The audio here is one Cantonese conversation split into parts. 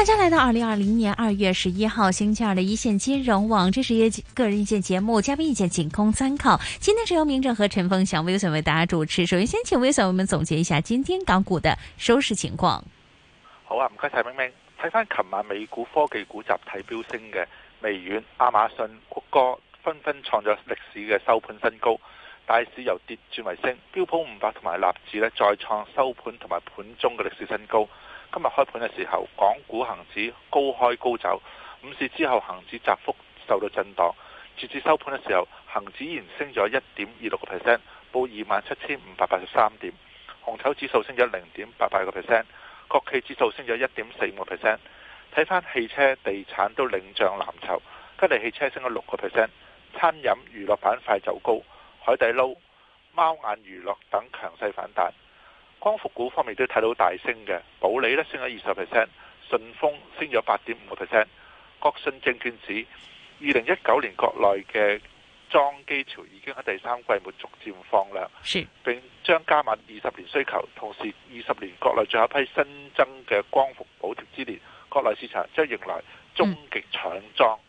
大家來到二零二零年二月十一號星期二的一線金融網，這是一個個人意見節目，嘉賓意見僅供參考。今天是由明正和陳鳳祥 Wilson 為大家主持。首先，先請 Wilson，為我們總結一下今天港股的收市情況。好啊，唔該晒，明明睇翻琴晚美股科技股集體飆升嘅微軟、亞馬遜、谷歌紛紛創咗歷史嘅收盤新高，大市由跌轉為升，標普五百同埋納指呢再創收盤同埋盤中嘅歷史新高。今日開盤嘅時候，港股恒指高開高走，午市之後恒指窄幅受到震盪，截至收盤嘅時候，恒指依然升咗一點二六個 percent，報二萬七千五百八十三點，紅籌指數升咗零點八八個 percent，國企指數升咗一點四個 percent。睇翻汽車、地產都領漲藍籌，吉利汽車升咗六個 percent，餐飲娛樂板塊走高，海底撈、貓眼娛樂等強勢反彈。光伏股方面都睇到大升嘅，保利呢升咗二十 percent，順豐升咗八點五個 percent。國信證券指二零一九年國內嘅裝機潮已經喺第三季末逐漸放量，並將加碼二十年需求，同時二十年國內最後一批新增嘅光伏補貼之年，國內市場將迎來終極搶裝。嗯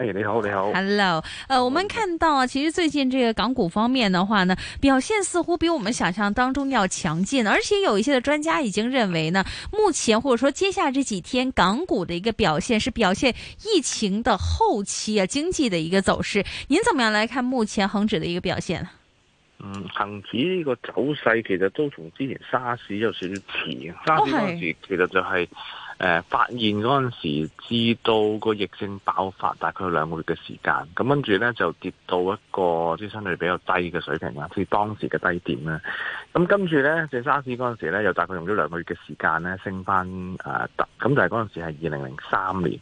哎、hey，你好，你好。Hello. Uh, Hello，呃，我們看到啊，其實最近這個港股方面的話呢，表現似乎比我們想象當中要強勁，而且有一些的專家已經認為呢，目前或者說接下來這幾天港股的一個表現，是表現疫情的後期啊經濟的一個走勢。您怎麼樣來看目前恒指的一個表現？嗯，恒指呢個走勢其實都從之前沙士就算遲，沙士嗰時其實就係、是。誒、呃、發現嗰陣時，至到個疫症爆發，大概有兩個月嘅時間。咁跟住咧，就跌到一個即係相對比較低嘅水平啦，即係當時嘅低點啦。咁跟住咧，即、就係、沙士嗰陣時咧，又大概用咗兩個月嘅時間咧，升翻特。咁就係嗰陣時係二零零三年。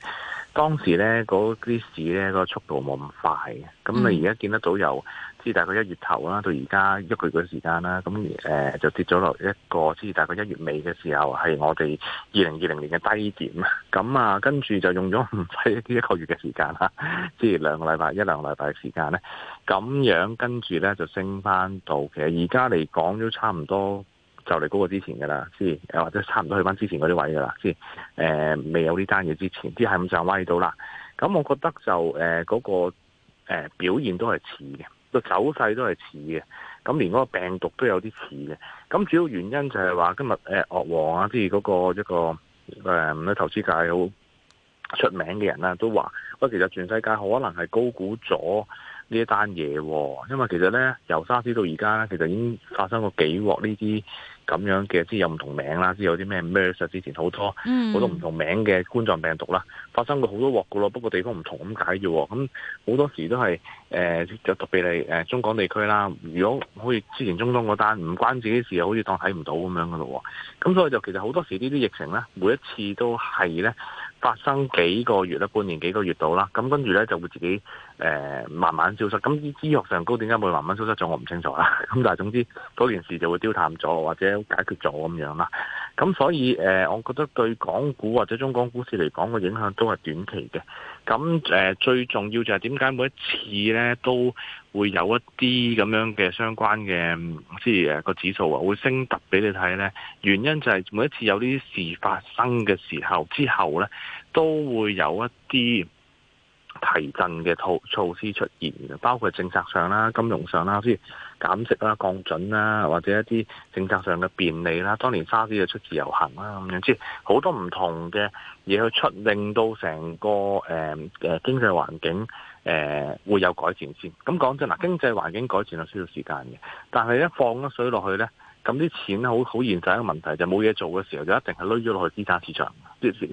當時咧，嗰啲市，咧，個速度冇咁快嘅，咁你而家見得到由，即係大概一月頭啦，到而家一個月嘅時間啦，咁 誒就跌咗落一個，即係大概一月尾嘅時候係我哋二零二零年嘅低點，咁啊跟住就用咗唔使一個月嘅時間啦，即係兩個禮拜、一兩個禮拜嘅時間咧，咁樣跟住咧就升翻到，其實而家嚟講都差唔多。就嚟嗰個之前噶啦，即係或者差唔多去翻之前嗰啲位噶啦，即係、呃、未有呢單嘢之前，即係咁上歪到啦。咁我覺得就嗰、呃嗰個、呃、表現都係似嘅，個走勢都係似嘅。咁連嗰個病毒都有啲似嘅。咁主要原因就係話今日誒惡王啊，即係嗰個一個誒唔、呃、投資界好出名嘅人啦、啊，都話我其實全世界可能係高估咗。呢一單嘢，因為其實咧由沙士到而家咧，其實已經發生過幾鑊呢啲咁樣嘅，即有唔同名啦，即有啲咩 MERS 之前好多好、mm. 多唔同名嘅冠狀病毒啦，發生過好多鑊噶咯，不過地方唔同咁解啫喎。咁好多時都係誒就特別嚟、呃、中港地區啦。如果好似之前中東嗰單唔關自己事，好似當睇唔到咁樣噶咯。咁所以就其實好多時呢啲疫情咧，每一次都係咧。發生幾個月啦，半年幾個月到啦，咁跟住呢，就會自己誒、呃、慢慢消失。咁醫醫學上高點解會慢慢消失咗，我唔清楚啦。咁 但係總之嗰件事就會丟淡咗，或者解決咗咁樣啦。咁所以誒、呃，我覺得對港股或者中港股市嚟講嘅影響都係短期嘅。咁誒最重要就係點解每一次咧都會有一啲咁樣嘅相關嘅，即係個指數啊，會升突俾你睇咧？原因就係每一次有呢啲事發生嘅時候之後咧，都會有一啲提振嘅措措施出現嘅，包括政策上啦、金融上啦，先。減息啦、啊、降準啦、啊，或者一啲政策上嘅便利啦、啊，當年沙士就出自由行啦、啊，咁樣即係好多唔同嘅嘢去出，令到成個誒誒、呃、經濟環境誒、呃、會有改善先。咁講真嗱，經濟環境改善係需要時間嘅，但係一放咗水落去咧，咁啲錢好好現實一個問題，就冇嘢做嘅時候就一定係累咗落去資產市場，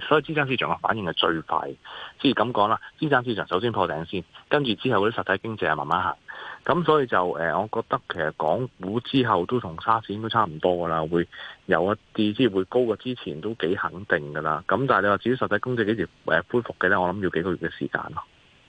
所以資產市場嘅反應係最快。即係咁講啦，資產市場首先破頂先，跟住之後嗰啲實體經濟慢慢行。咁所以就誒、呃，我覺得其實港股之後都同沙士應該都差唔多噶啦，會有一啲即係會高過之前都幾肯定噶啦。咁但係你話至於實際工資幾時恢、呃、復嘅咧，我諗要幾個月嘅時間咯。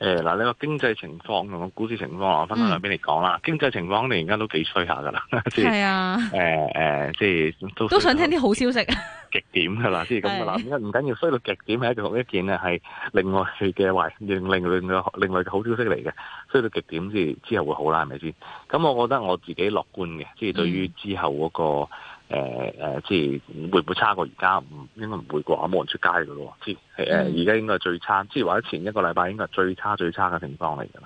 誒、哎，嗱，呢個經濟情況同個股市情況，我分開兩邊嚟講啦。經濟情況，你而家都幾衰下噶啦，即係誒誒，即係、啊呃、都都想聽啲好消息，極 點噶啦，即係咁啊，嗱，而家唔緊要，衰到極點係一個一件啊，係另外嘅壞，另另外嘅另外嘅好消息嚟嘅，衰到極點，即係之後會好啦，係咪先？咁我覺得我自己樂觀嘅，即係對於之後嗰、那個。嗯誒、呃、誒，即係會唔會差過而家？唔應該唔會啩，冇人出街噶咯。即係誒，而家應該係最差，即係或者前一個禮拜應該係最差最差嘅情況嚟嘅喇。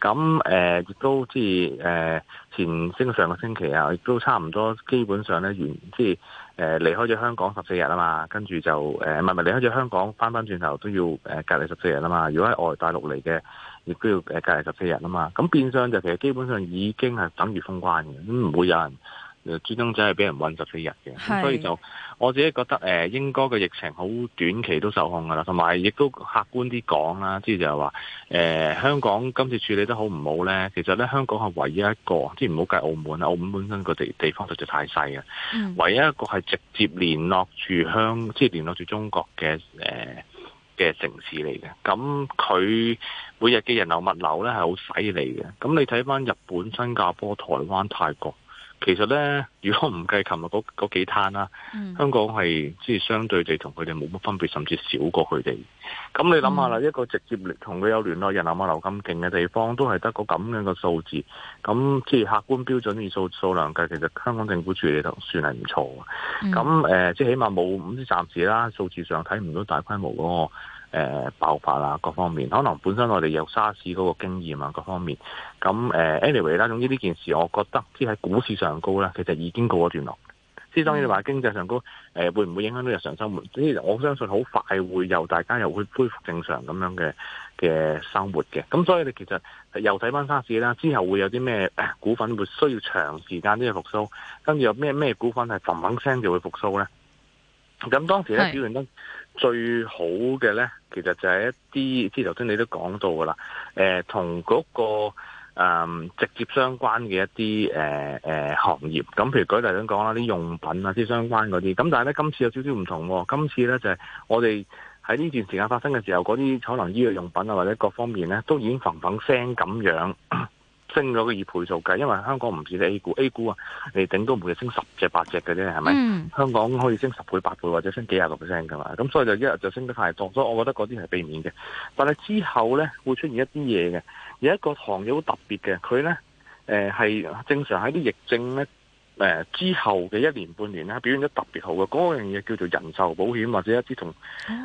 咁誒亦都即係誒前星期、上個星期啊，亦都差唔多，基本上咧原即係誒離開咗香港十四日啊嘛，跟住就誒唔係唔係離開咗香港，翻翻轉頭都要誒隔離十四日啊嘛。如果喺外大陸嚟嘅，亦都要誒隔離十四日啊嘛。咁變相就其實基本上已經係等於封關嘅，咁、嗯、唔會有人。誒，專登仔係俾人韞十四日嘅，所以就我自己覺得誒，應該個疫情好短期都受控噶啦。同埋亦都客觀啲講啦，即係就係話誒，香港今次處理得好唔好咧？其實咧，香港係唯一一個，即係唔好計澳門，澳門本身個地地方實在太細嘅，嗯，唯一一個係直接聯絡住香，即係聯絡住中國嘅誒嘅城市嚟嘅。咁佢每日嘅人流物流咧係好犀利嘅。咁你睇翻日本、新加坡、台灣、泰國。其實咧，如果唔計琴日嗰嗰幾攤啦，嗯，香港係即係相對地同佢哋冇乜分別，甚至少過佢哋。咁你諗下啦，一個直接同佢有聯絡，人流物流咁勁嘅地方，都係得個咁樣嘅數字。咁即係客觀標準以數數量計，其實香港政府處理都算係唔錯嘅。咁即係起碼冇唔啲暫時啦，數、呃、字上睇唔到大規模個誒，爆發啦，各方面，可能本身我哋有沙士嗰個經驗啊，各方面，咁誒，anyway 啦，總之呢件事，我覺得即喺股市上高咧，其實已經告咗段落，即當然你話經濟上高，誒，會唔會影響到日常生、生活？即係我相信好快會又大家又會恢復正常咁樣嘅嘅生活嘅，咁所以你其實又睇翻沙士啦，之後會有啲咩股份會需要長時間都要復甦，跟住有咩咩股份係嗡嗡聲就會復甦咧？咁當時咧表現得。最好嘅呢，其實就係一啲，即係頭先你都講到噶啦，誒、呃，同嗰、那個、呃、直接相關嘅一啲誒、呃呃、行業，咁譬如舉例嚟講啦，啲用品啊，啲相關嗰啲，咁但係呢，今次有少少唔同，啊，今次呢，就係、是、我哋喺呢段時間發生嘅時候，嗰啲可能醫藥用品啊，或者各方面呢，都已經嘭嘭聲咁樣。 升咗個二倍數計，因為香港唔似你 A 股，A 股啊，你頂多每日升十隻八隻嘅啫，係咪？Mm. 香港可以升十倍、八倍或者升幾廿個 percent 嘅嘛？咁所以就一日就升得太多，所以我覺得嗰啲係避免嘅。但係之後咧，會出現一啲嘢嘅，有一個行業好特別嘅，佢咧，誒係正常喺啲疫症咧。誒、呃，之後嘅一年半年咧，表現得特別好嘅，嗰樣嘢，叫做人壽保險或者一啲同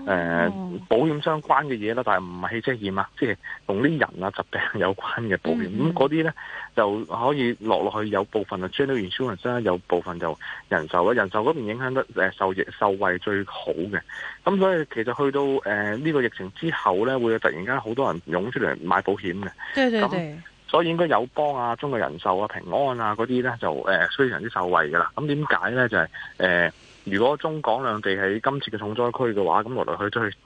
誒保險相關嘅嘢啦，但係唔係汽車險啊，即係同啲人啊疾病有關嘅保險，咁嗰啲咧就可以落落去，有部分就 general insurance 啦，有部分就人壽啦，人壽嗰邊影響得誒受益受惠最好嘅，咁所以其實去到誒呢、呃這個疫情之後咧，會有突然間好多人湧出嚟買保險嘅。對對對。所以應該友邦啊、中國人壽啊、平安啊嗰啲呢，就誒、呃、非常之受惠㗎喇。咁點解呢？就係、是、誒、呃，如果中港兩地喺今次嘅重災區嘅話，咁來來去去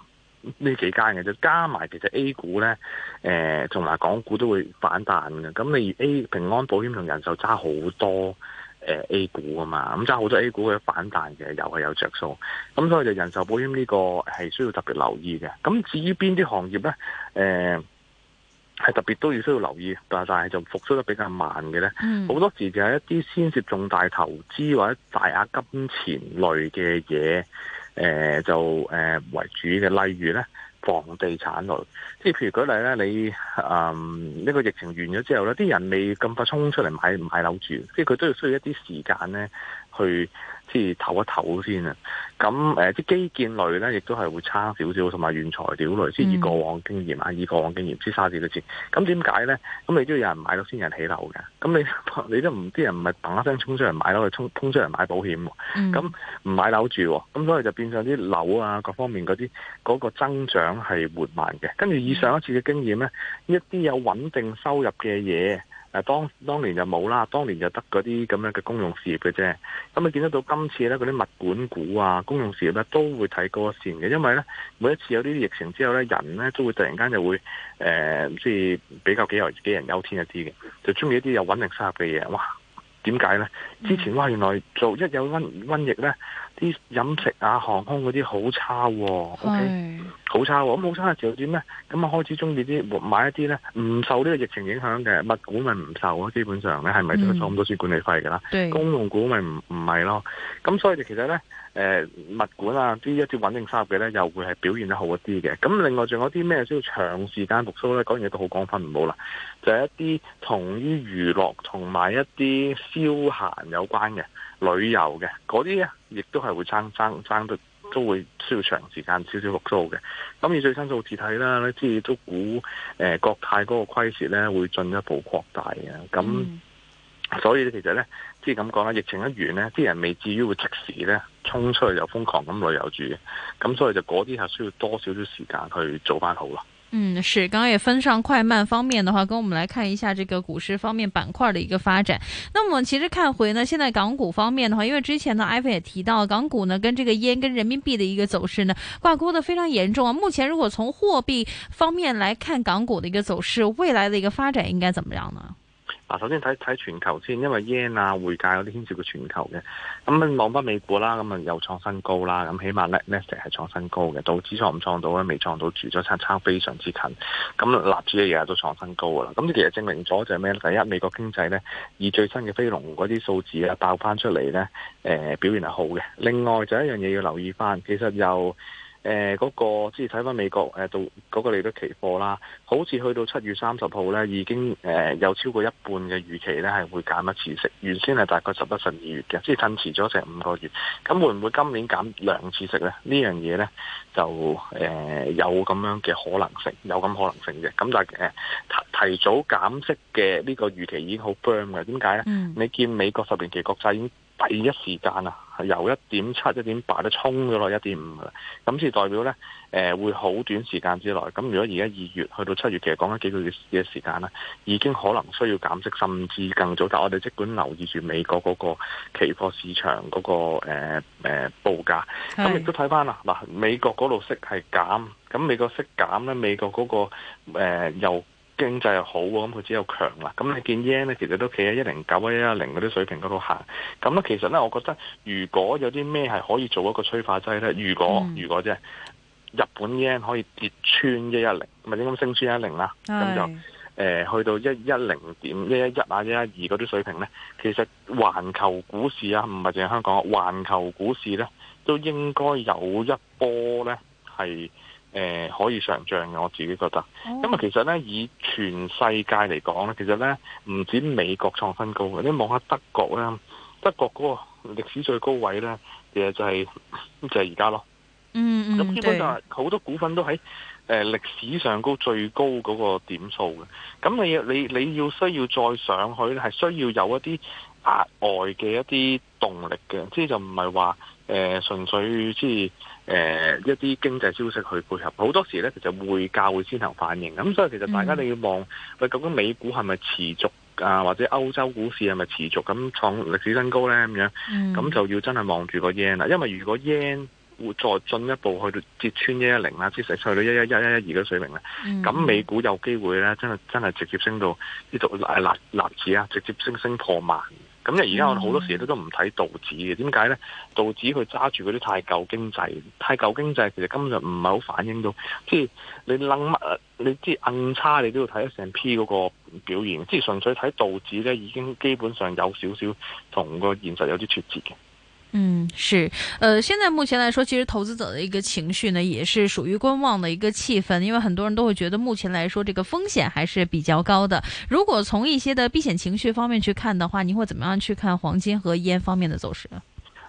呢幾間嘅就加埋其實 A 股呢，誒、呃，同埋港股都會反彈嘅。咁你 A 平安保險同人壽揸好多 A 股啊嘛，咁揸好多 A 股嘅反彈嘅又係有着數。咁所以就人壽保險呢個係需要特別留意嘅。咁至於邊啲行業呢？誒、呃。係特別都要需要留意，但係就復蘇得比較慢嘅咧，好、嗯、多時就係一啲先涉重大投資或者大額金錢類嘅嘢，誒、呃、就誒、呃、為主嘅，例如咧房地產類，即係譬如舉例咧，你誒呢、呃這個疫情完咗之後咧，啲人未咁快衝出嚟買唔買樓住，即係佢都要需要一啲時間咧去。先唞一唞先啊，咁誒，啲基建類咧，亦都係會差少少，同埋原材料類，先以過往經驗啊、嗯，以過往經驗，先沙士嘅錢。咁點解咧？咁你都要有人買到，先有人起樓嘅。咁你你都唔，啲人唔係嘭一聲衝出嚟買樓，去衝出嚟買保險。咁、嗯、唔買樓住，咁所以就變咗啲樓啊，各方面嗰啲嗰個增長係緩慢嘅。跟住以上一次嘅經驗咧，一啲有穩定收入嘅嘢。誒、啊、當，當年就冇啦，當年就得嗰啲咁樣嘅公用事業嘅啫。咁你見得到今次咧，嗰啲物管股啊、公用事業咧都會睇高一線嘅，因為咧每一次有呢啲疫情之後咧，人咧都會突然間就會誒，即、呃、係比較幾有杞人憂天一啲嘅，就中意一啲有穩定收入嘅嘢嘛。哇點解呢？之前哇，原來做一有瘟瘟疫呢，啲飲食啊、航空嗰啲好差喎，OK，好差喎。咁好差就點呢？咁啊開始中意啲買一啲呢，唔受呢個疫情影響嘅物股，咪唔受咯。基本上呢，係咪都係收唔到管理費噶啦？公用股咪唔唔係咯。咁所以就其實呢。誒、呃、物管啊，啲一啲穩定收入嘅咧，又會係表現得好一啲嘅。咁另外仲有啲咩需要長時間復甦咧？講完嘢都好講分唔好啦。就係、是、一啲同於娛樂同埋一啲消閒有關嘅旅遊嘅嗰啲咧，亦都係會爭爭爭到都會需要長時間少少復甦嘅。咁以最新數字睇啦，呢啲都估誒國泰嗰個虧蝕咧會進一步擴大嘅。咁。嗯所以呢其實呢，即係咁講啦，疫情一完呢，啲人未至於會即時呢衝出去就瘋狂咁旅遊住嘅，咁所以就嗰啲係需要多少少時間去做翻好咯。嗯，是，剛剛也分上快慢方面的話，跟我們來看一下這個股市方面板塊的一個發展。那麼我其實看回呢，現在港股方面的話，因為之前呢，艾菲也提到港股呢，跟這個煙跟人民幣的一個走勢呢，掛鈎的非常嚴重啊。目前如果從貨幣方面來看港股的一個走勢，未來的一個發展應該怎麼樣呢？嗱，首先睇睇全球先，因為 yen 啊匯價嗰啲牽涉到全球嘅。咁望翻美股啦，咁啊又創新高啦。咁起碼咧 Netflix 係創新高嘅。道指創唔創到咧？未創到，住咗差差非常之近。咁納指嘅嘢都創新高噶啦。咁呢其實證明咗就係咩？第一，美國經濟咧以最新嘅非農嗰啲數字啊爆翻出嚟咧，呃，表現係好嘅。另外就一樣嘢要留意翻，其實又。誒、那、嗰個即係睇翻美國誒到嗰個利率期貨啦，好似去到七月三十號咧，已經誒有超過一半嘅預期咧係會減一次息，原先係大概十一、十二月嘅，即係延遲咗成五個月。咁會唔會今年減兩次息咧？這個、呢樣嘢咧就誒有咁樣嘅可能性，有咁可能性嘅。咁但係提早減息嘅呢個預期已經好 burn 嘅。點解咧？你見美國十年期國債已經。一時間啊，由一點七、一點八都衝咗落一點五啦，咁就代表呢誒會好短時間之內。咁如果而家二月去到七月，其實講緊幾個月嘅時間啦，已經可能需要減息，甚至更早。但我哋即管留意住美國嗰個期貨市場嗰、嗰個誒誒、呃、報價，咁亦都睇翻啦。嗱，美國嗰度息係減，咁美國息減呢，美國嗰、嗰個、呃、又。經濟又好喎，咁佢只有強啦。咁你見 yen 呢，其實都企喺一零九啊、一一零嗰啲水平嗰度行。咁其實呢，我覺得如果有啲咩係可以做一個催化劑呢？如果、嗯、如果即係日本 yen 可以跌穿一一零，咪應該升穿一一零啦。咁就、呃、去到一一零點一一一啊一一二嗰啲水平呢，其實環球股市啊，唔係淨係香港，環球股市呢，都應該有一波呢係。誒、呃，可以上漲嘅，我自己覺得。Oh. 因為其實咧，以全世界嚟講咧，其實咧唔止美國創新高嘅，你望下德國咧，德國嗰個歷史最高位咧，其實就係、是、就係而家咯。嗯、mm、咁 -hmm. 基本就係好多股份都喺誒、呃、歷史上高最高嗰個點數嘅。咁你你你要需要再上去咧，係需要有一啲額外嘅一啲動力嘅。即係就唔係話誒純粹即、就、係、是。誒、呃，一啲經濟消息去配合，好多時咧，其實匯價會先行反應咁，所以其實大家你要望，喂、嗯，究竟美股係咪持續啊，或者歐洲股市係咪持續咁創歷史新高咧？咁、嗯、樣，咁就要真係望住個 yen 啦，因為如果 yen 再進一步去到，跌穿一一零啦，跌成去到一一一一一二嘅水平咧，咁、嗯、美股有機會咧，真係真係直接升到呢度立砸紙啊，直接升升破萬。咁咧，而家我好多時都都唔睇道指嘅，點解呢？道指佢揸住嗰啲太舊經濟，太舊經濟其實根本就唔係好反映到，即係你楞乜，你即係硬差，你都要睇一成 P 嗰個表現，即係純粹睇道指呢，已經基本上有少少同個現實有啲脫節嘅。嗯，是，呃，現在目前來說，其實投資者的一個情緒呢，也是屬於觀望的一個氣氛，因為很多人都會覺得，目前來說這個風險還是比較高的。如果從一些的避險情緒方面去看的話，你會怎麼樣去看黃金和 yen 方面的走勢呢？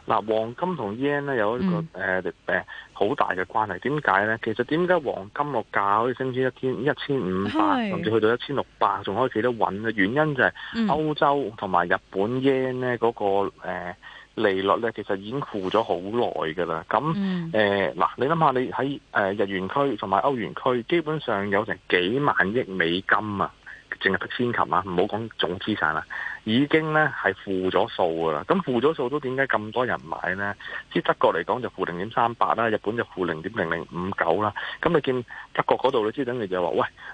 嗱，黃金同 yen 呢有一個誒誒好大嘅關係。點解呢？其實點解黃金落價可以升至一千一千五百，甚至去到一千六百，仲可以企得穩嘅？原因就係歐洲同埋日本 yen 呢嗰、嗯那個誒。呃利率咧，其實已經負咗好耐㗎喇。咁誒嗱，你諗下，你喺誒日元區同埋歐元區，基本上有成幾萬億美金啊，淨係不千級啊，唔好講總資產啦，已經咧係負咗數㗎喇。咁負咗數都點解咁多人買咧？即德國嚟講就負零點三八啦，日本就負零點零零五九啦。咁你見德國嗰度，你知等你就話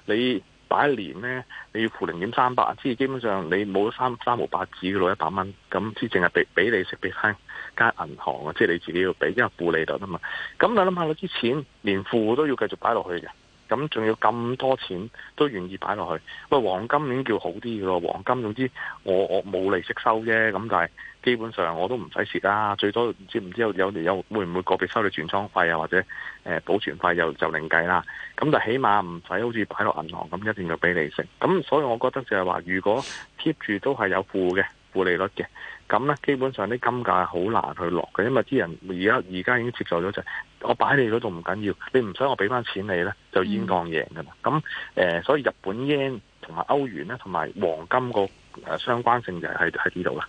喂你。擺一年咧，你要負零點三百，即係基本上你冇三三毫八子攞一百蚊，咁即淨係俾俾你食俾翻間銀行啊，即係你自己要俾，因為負利率啊嘛，咁你諗下嗰啲錢連負都要繼續擺落去嘅。咁仲要咁多錢都願意擺落去，喂，黃金已經叫好啲㗎喇。黃金總之我我冇利息收啫，咁但係基本上我都唔使蝕啦，最多唔知唔知有有有會唔會個別收你存倉費啊，或者誒、呃、保存費又就另計啦，咁就起碼唔使好似擺落銀行咁一,一定要俾利息，咁所以我覺得就係話如果貼住都係有負嘅。負利率嘅，咁 咧基本上啲金價係好難去落嘅，因為啲人而家而家已經接受咗就，我擺你嗰度唔緊要，你唔想我俾翻錢你咧，就已經當贏噶嘛。咁誒，所以日本 yen 同埋歐元咧，同埋黃金個誒相關性就係喺呢度啦。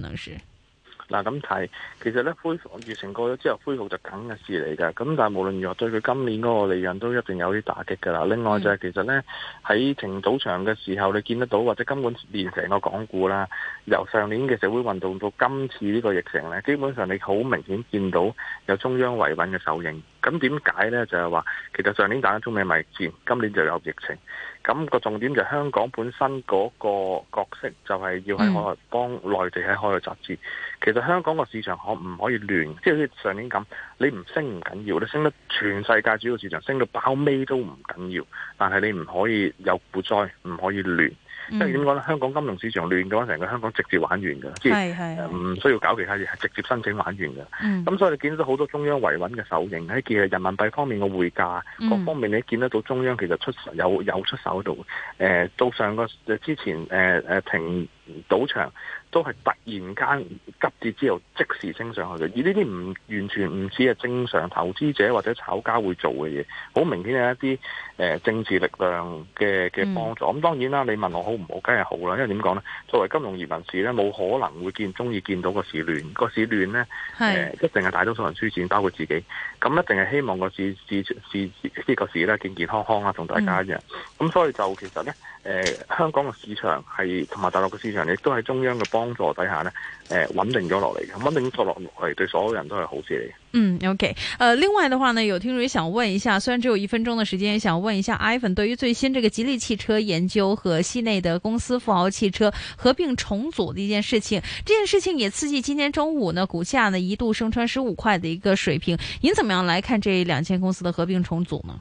嗱咁係，其實咧恢復疫情過咗之後，恢復就梗嘅事嚟㗎。咁但係無論如何，對佢今年嗰個利潤都一定有啲打擊㗎啦。另外就係、是、其實咧喺停早場嘅時候，你見得到或者根本連成個港股啦。由上年嘅社會運動到今次呢個疫情呢，基本上你好明顯見到有中央維穩嘅首映。咁點解呢？就係、是、話其實上年打緊中美貿戰，今年就有疫情。咁、那個重點就香港本身嗰個角色就係要喺海外幫內地喺海外集資、嗯、其實香港個市場可唔可以亂？即係好似上年咁，你唔升唔緊要，你升得全世界主要市場升到包尾都唔緊要，但係你唔可以有股災，唔可以亂。嗯、即係點講咧？香港金融市場亂嘅話，成個香港直接玩完嘅，即係唔需要搞其他嘢，係直接申請玩完嘅。咁、嗯嗯、所以你見到好多中央維穩嘅手型，喺其實人民幣方面嘅匯價、嗯、各方面，你見得到中央其實出手有有出手到誒、呃、到上個之前誒誒、呃呃、停。賭場都係突然間急跌之後即時升上去嘅，而呢啲唔完全唔似係正常投資者或者炒家會做嘅嘢，好明顯係一啲誒、呃、政治力量嘅嘅幫助。咁、嗯、當然啦，你問我好唔好，梗係好啦。因為點講呢？作為金融業人士咧，冇可能會見中意見到個市亂，個市亂呢，誒、呃、一定係大多數人輸錢，包括自己。咁一定係希望個市市市，市，市，市呢個市咧健健康康啦，同大家一樣。咁、嗯、所以就其實呢，誒、呃，香港嘅市場係同埋大陸嘅市場。亦都喺中央嘅幫助底下咧，誒穩定咗落嚟嘅，穩定咗落嚟對所有人都係好事嚟。嗯，OK，誒、呃、另外嘅話呢，有聽眾想問一下，雖然只有一分鐘嘅時間，想問一下 iPhone 對於最新呢個吉利汽車研究和系內的公司富豪汽車合併重組的一件事情，這件事情也刺激今天中午呢股價呢一度升穿十五塊嘅一個水平，您點樣來看這兩間公司的合併重組呢？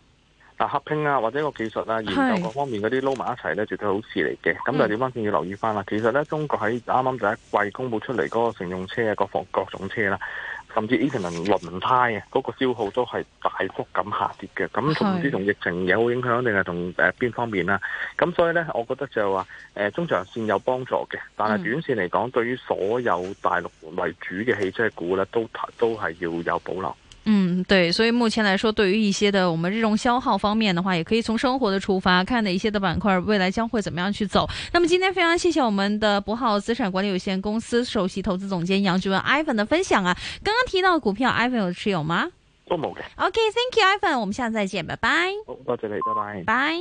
啊，合拼啊，或者個技術啊、研究各方面嗰啲撈埋一齊咧，絕對好事嚟嘅。咁就點樣先仲要留意翻啦，嗯。其實咧，中國喺啱啱第一季公布出嚟嗰個乘用車啊，各房各種車啦，甚至 even 輪胎啊，嗰個消耗都係大幅咁下跌嘅。咁唔知同疫情有影響，定係同誒邊方面啦？咁所以咧，我覺得就係話中長線有幫助嘅，但係短線嚟講，嗯，對於所有大陸為主嘅汽車股咧，都都係要有保留。嗯，對，所以目前來說，對於一些的我們日用消耗方面的話，也可以從生活的出發看哪一些的板塊，未來將會怎麼樣去走。那麼今天非常謝謝我們的博浩資產管理有限公司首席投資總監楊俊文 Ivan 的分享啊。剛剛提到股票，Ivan 有持有嗎？都冇嘅、okay。OK，Thank、okay, you，Ivan 我們下次再見，拜拜。到這裏，拜拜。拜。